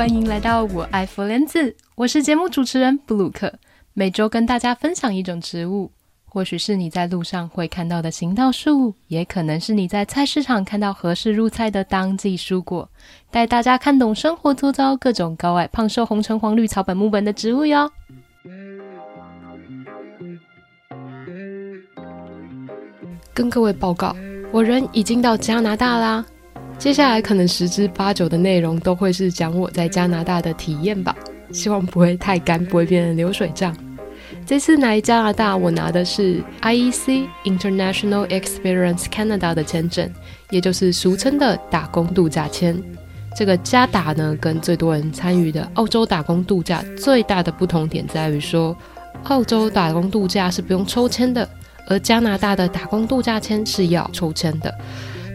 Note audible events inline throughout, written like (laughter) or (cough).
歡迎來到我愛芙蓮子，我是節目主持人布魯克，每周跟大家分享一種植物，或許是你在路上會看到的行道樹，也可能是你在菜市場看到合適入菜的當季蔬果，帶大家看懂生活周遭各種高矮胖瘦紅橙黃綠草本木本的植物喲。跟各位報告，我人已經到加拿大啦。接下來可能十之八九的內容都會是講我在加拿大的體驗吧，希望不會太乾，不會變成流水賬。這次來加拿大，我拿的是 IEC International Experience Canada 的簽證，也就是俗稱的打工度假簽。這個加打呢，跟最多人參與的澳洲打工度假最大的不同點在於說，澳洲打工度假是不用抽籤的，而加拿大的打工度假簽是要抽籤的。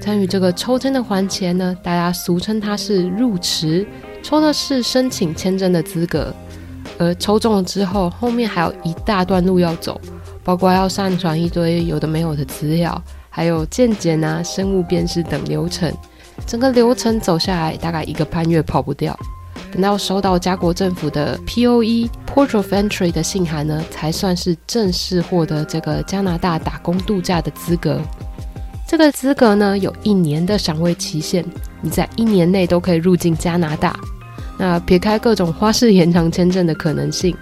參與這個抽籤的環節呢，大家俗稱它是入池，抽的是申請簽證的資格，而抽中了之後，後面還有一大段路要走，包括要上傳一堆有的沒有的資料，還有健檢啊、生物辨識等流程，整個流程走下來大概一個半月跑不掉，等到收到加國政府的 P O E Port of Entry 的信函呢，才算是正式獲得這個加拿大打工度假的資格。這個資格呢，有一年的賞味期限，你在一年內都可以入境加拿大。那撇開各種花式延長簽證的可能性，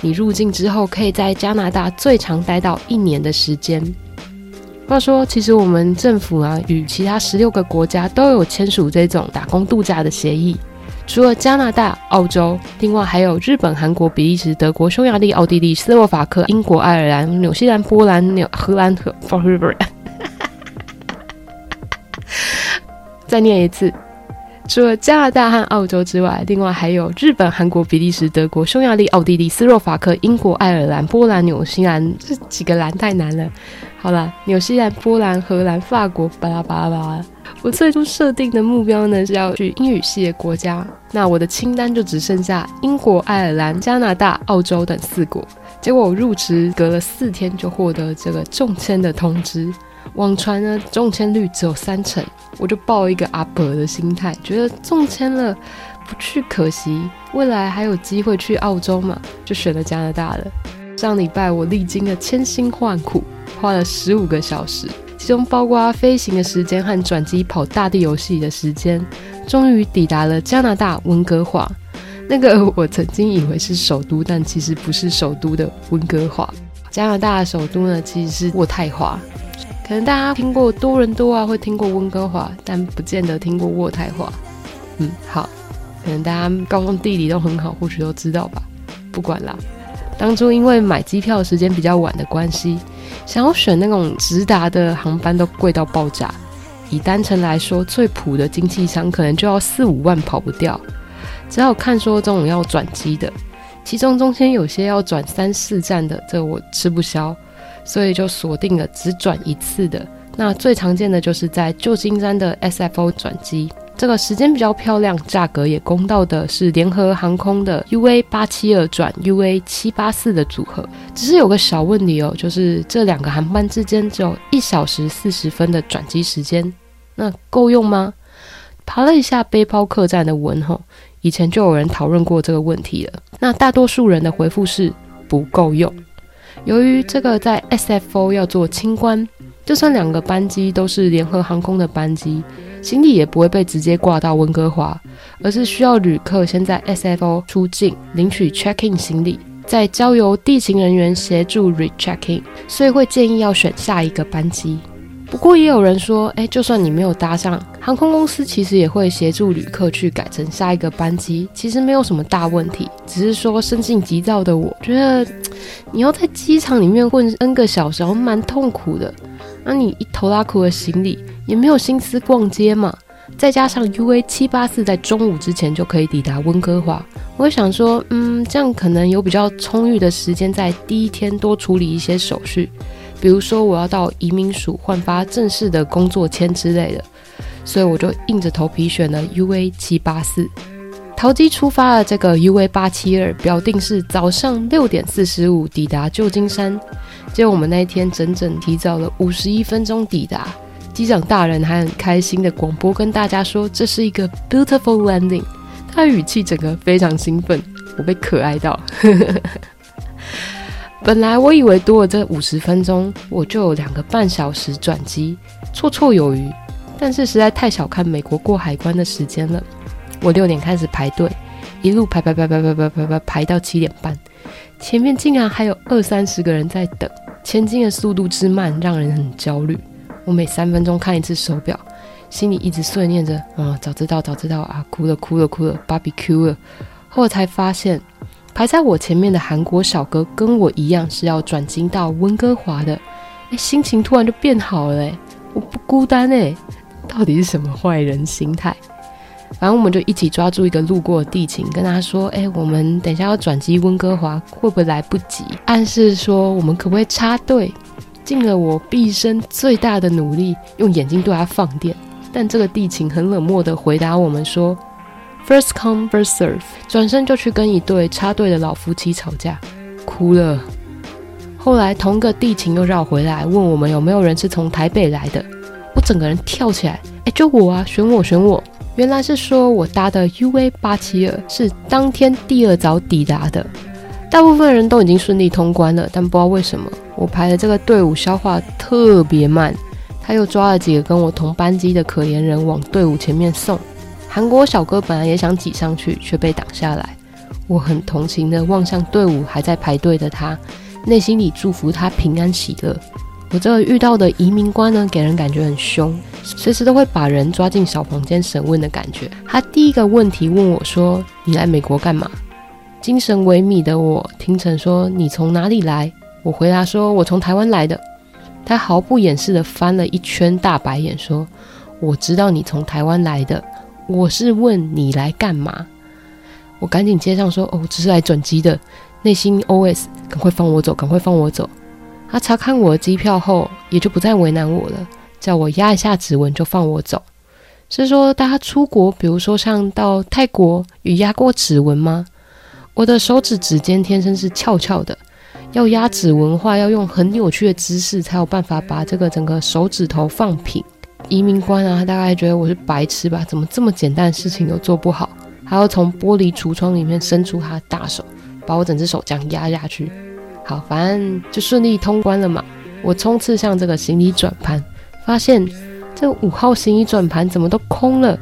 你入境之後可以在加拿大最長待到一年的時間。話說，其實我們政府啊，與其他十六個國家都有簽署這種打工度假的協議，除了加拿大、澳洲，另外還有日本、韓國、比利時、德國、匈牙利、奧地利、斯洛伐克、英國、愛爾蘭、紐西蘭、波蘭、荷蘭、荷蘭和法國。再念一次，除了加拿大和澳洲之外，另外還有日本、韓國、比利時、德國、匈牙利、奧地利、斯洛伐克、英國、愛爾蘭、波蘭、紐西蘭，這幾個蘭太難了。好了，紐西蘭、波蘭、荷蘭、法國，巴拉巴拉巴拉。我最終設定的目標呢，是要去英語系的國家，那我的清單就只剩下英國、愛爾蘭、加拿大、澳洲等四國。結果我入職隔了四天就獲得這個中籤的通知。網傳呢中籤率只有三成，我就抱一個阿 r 的心態，覺得中籤了不去可惜，未來還有機會去澳洲嘛，就選了加拿大了。上禮拜我歷經了千辛萬苦，花了十五個小時，其中包括飛行的時間和轉機跑大地遊戲的時間，終於抵達了加拿大溫哥華。那個我曾經以為是首都，但其實不是首都的溫哥華。加拿大的首都呢，其實是渥太華。可能大家聽過多倫多啊，會聽過溫哥華，但不見得聽過渥太華。嗯，好，可能大家高中地理都很好，或許都知道吧。不管啦，當初因為買機票時間比較晚的關係，想要選那種直達的航班都貴到爆炸。以單程來說，最普的經濟艙可能就要四五萬跑不掉，只好看說這種要轉機的，其中中間有些要轉三四站的，這個，我吃不消。所以就鎖定了只轉一次的。那最常見的就是在舊金山的 SFO 轉機，這個時間比較漂亮，價格也公道的，是聯合航空的 UA 八七二轉 UA 七八四的組合。只是有個小問題哦，就是這兩個航班之間只有一小時四十分的轉機時間，那夠用嗎？爬了一下背包客棧的文吼，以前就有人討論過這個問題了。那大多數人的回復是不夠用。由於這個在 SFO 要做清關，就算兩個班機都是聯合航空的班機，行李也不會被直接掛到溫哥華，而是需要旅客先在 SFO 出境，領取 check-in 行李，再交由地勤人員協助 re-checking，所以會建議要選下一個班機。不過也有人說，誒，就算你沒有搭上，航空公司其實也會協助旅客去改成下一個班機，其實沒有什麼大問題。只是說生性急躁的我，我覺得你要在機場裡面混 n 個小時，蠻痛苦的。那你一拖拉庫的行李，也沒有心思逛街嘛。再加上 UA 七八四在中午之前就可以抵達溫哥華，我會想說，嗯，這樣可能有比較充裕的時間，在第一天多處理一些手續。比如說我要到移民署換發正式的工作簽之類的，所以我就硬着頭皮選了 UA 七八四。桃機出發了，這個 UA 八七二表定是早上六點四十五抵達舊金山，結果我們那一天整整提早了五十一分鐘抵達。機長大人還很開心地廣播跟大家說這是一個 beautiful landing，他語氣整個非常興奮，我被可愛到。 (laughs) 本來我以為多了這五十分鐘，我就有兩個半小時轉機，綽綽有餘。但是實在太小看美國過海關的時間了。我六點開始排隊，一路排排排排排排排排到七點半，前面竟然還有二三十個人在等。前進的速度之慢，讓人很焦慮。我每三分鐘看一次手錶，心裡一直碎念着：“啊，早知道，早知道啊！”哭了，哭了，哭了，芭比 Q 了。後來才發現。排在我前面的韓國小哥跟我一樣是要轉機到溫哥華的，哎，心情突然就變好了誒，我不孤單哎，到底是什麼壞人心態？反正我們就一起抓住一個路過的地勤，跟他說：“哎，我們等一下要轉機溫哥華，會不會來不及？”暗示說我們可不可以插隊？盡了我畢生最大的努力，用眼睛對他放電，但這個地勤很冷漠地回答我們說。First come first serve，轉身就去跟一對插隊的老夫妻吵架，哭了。後來同個地勤又繞回來問我們有沒有人是從台北來的，我整個人跳起來，哎、欸，就我啊，選我，選我。原來是說我搭的 UA872 是當天第二早抵達的，大部分人都已經順利通關了，但不知道為什麼我排的這個隊伍消化特別慢，他又抓了幾個跟我同班機的可憐人往隊伍前面送。韓國小哥本來也想擠上去，卻被擋下來。我很同情地望向隊伍還在排隊的他，內心裡祝福他平安喜樂。我這遇到的移民官呢，給人感覺很兇，隨時都會把人抓進小房間審問的感覺。他第一個問題問我說：“你來美國幹嘛？”精神萎靡的我聽成說：“你從哪裡來？”我回答說：“我從台灣來的。”他毫不掩飾地翻了一圈大白眼，說：“我知道你從台灣來的。”我是問你來幹嘛？我趕緊接上說，哦，只是來轉機的。內心 OS：趕快放我走，趕快放我走。他、啊、查看我的機票後，也就不再為難我了，叫我壓一下指紋就放我走。是說大家出國，比如說像到泰國，有壓過指紋嗎？我的手指指尖天生是翹翹的，要壓指紋的話，要用很扭曲的姿勢，才有辦法把這個整個手指頭放平。移民官啊，他大概覺得我是白痴吧？怎麼這麼簡單的事情都做不好？還要從玻璃櫥窗裡面伸出他的大手，把我整隻手這樣壓下去，好煩！反正就順利通關了嘛。我衝刺向這個行李轉盤，發現這五號行李轉盤怎麼都空了？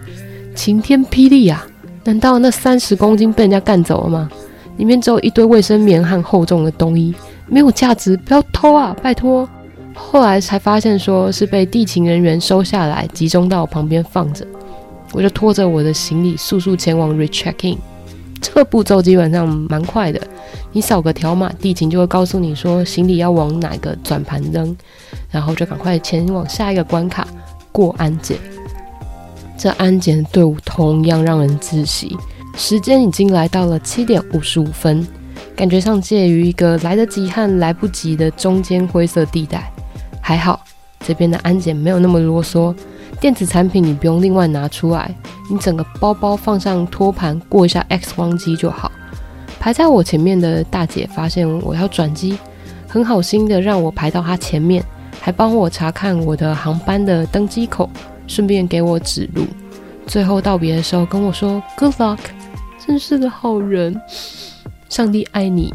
晴天霹靂啊！難道那三十公斤被人家幹走了嗎？裡面只有一堆衛生棉和厚重的冬衣，沒有價值，不要偷啊！拜托。後來才發現，說是被地勤人員收下來，集中到我旁邊放着。我就拖着我的行李，速速前往 recheck in。這個步驟基本上蠻快的，你掃個條碼，地勤就會告訴你說行李要往哪個轉盤扔，然後就趕快前往下一個關卡過安檢。這安檢的隊伍同樣讓人窒息。時間已經來到了七點五十五分，感覺上介於一個來得及和來不及的中間灰色地帶。還好，這邊的安檢沒有那麼囉嗦。電子產品你不用另外拿出來，你整個包包放上托盤過一下 X 光機就好。排在我前面的大姐發現我要轉機，很好心的讓我排到她前面，還幫我查看我的航班的登機口，順便給我指路。最後道別的時候跟我說 Good luck，真是個好人。上帝愛你。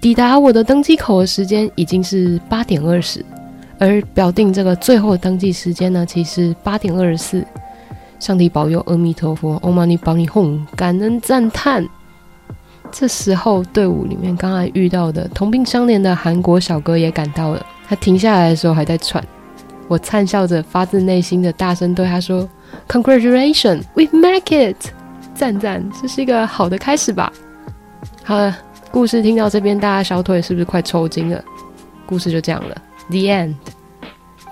抵達我的登機口的時間已經是八點二十。而表定這個最後登記時間呢，其實八點二十四。上帝保佑，阿彌陀佛，歐瑪尼保你哄，感恩讚嘆。這時候隊伍裡面剛才遇到的同病相憐的韓國小哥也趕到了，他停下來的時候還在喘。我燦笑着，發自內心的大聲對他說：“Congratulations, we've made it！讚讚，這是一個好的開始吧。”好了，故事聽到這邊，大家小腿是不是快抽筋了？故事就這樣了。The end。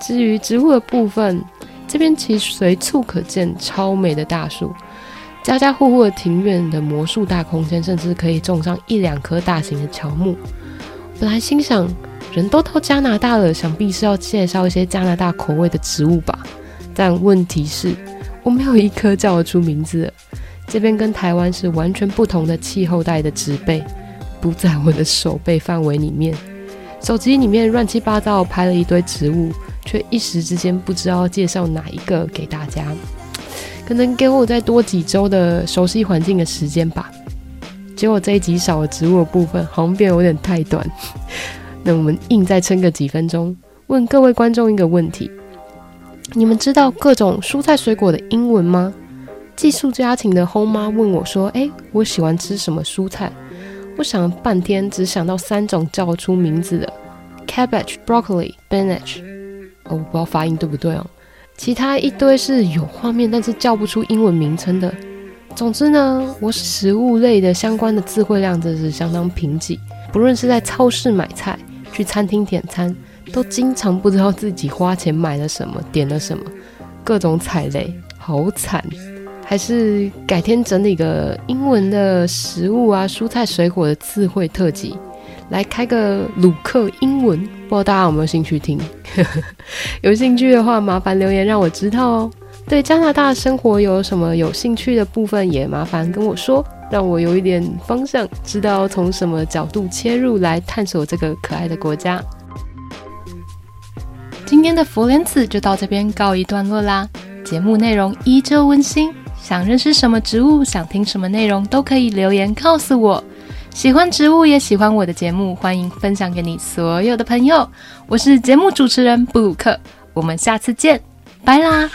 至於植物的部分，這邊其實隨處可見超美的大樹，家家戶戶的庭院的魔術大空間，甚至可以種上一兩棵大型的喬木。本來心想人都到加拿大了，想必是要介紹一些加拿大口味的植物吧。但問題是，我沒有一棵叫得出名字了。這邊跟台灣是完全不同的氣候帶的植被，不在我的手背範圍裡面。手機裡面亂七八糟拍了一堆植物，卻一時之間不知道介紹哪一個給大家。可能給我再多幾周的熟悉環境的時間吧。結果這一集少了植物的部分，好像變得有點太短。 (laughs) 那我們硬再撐個幾分鐘。問各位觀眾一個問題：你們知道各種蔬菜水果的英文嗎？寄宿家庭的轟媽問我說：“誒，我喜歡吃什麼蔬菜？”我想了半天，只想到三種叫出名字的：cabbage、broccoli、spinach。哦，我不知道發音對不對哦。其他一堆是有畫面，但是叫不出英文名稱的。總之呢，我食物類的相關的詞彙量真是相當貧瘠。不論是在超市買菜，去餐廳點餐，都經常不知道自己花錢買了什麼，點了什麼，各種踩雷，好慘。還是改天整理個英文的食物啊、蔬菜水果的詞彙特輯，來開個魯克英文，不知道大家有沒有興趣聽？ (laughs) 有興趣的話，麻煩留言讓我知道哦。對加拿大生活有什麼有興趣的部分，也麻煩跟我說，讓我有一點方向，知道從什麼角度切入來探索這個可愛的國家。今天的佛連子就到這邊告一段落啦，節目內容依舊溫馨。想認識什麼植物，想聽什麼內容，都可以留言告訴我。喜歡植物，也喜歡我的節目，歡迎分享給你所有的朋友。我是節目主持人布魯克，我們下次見，拜啦。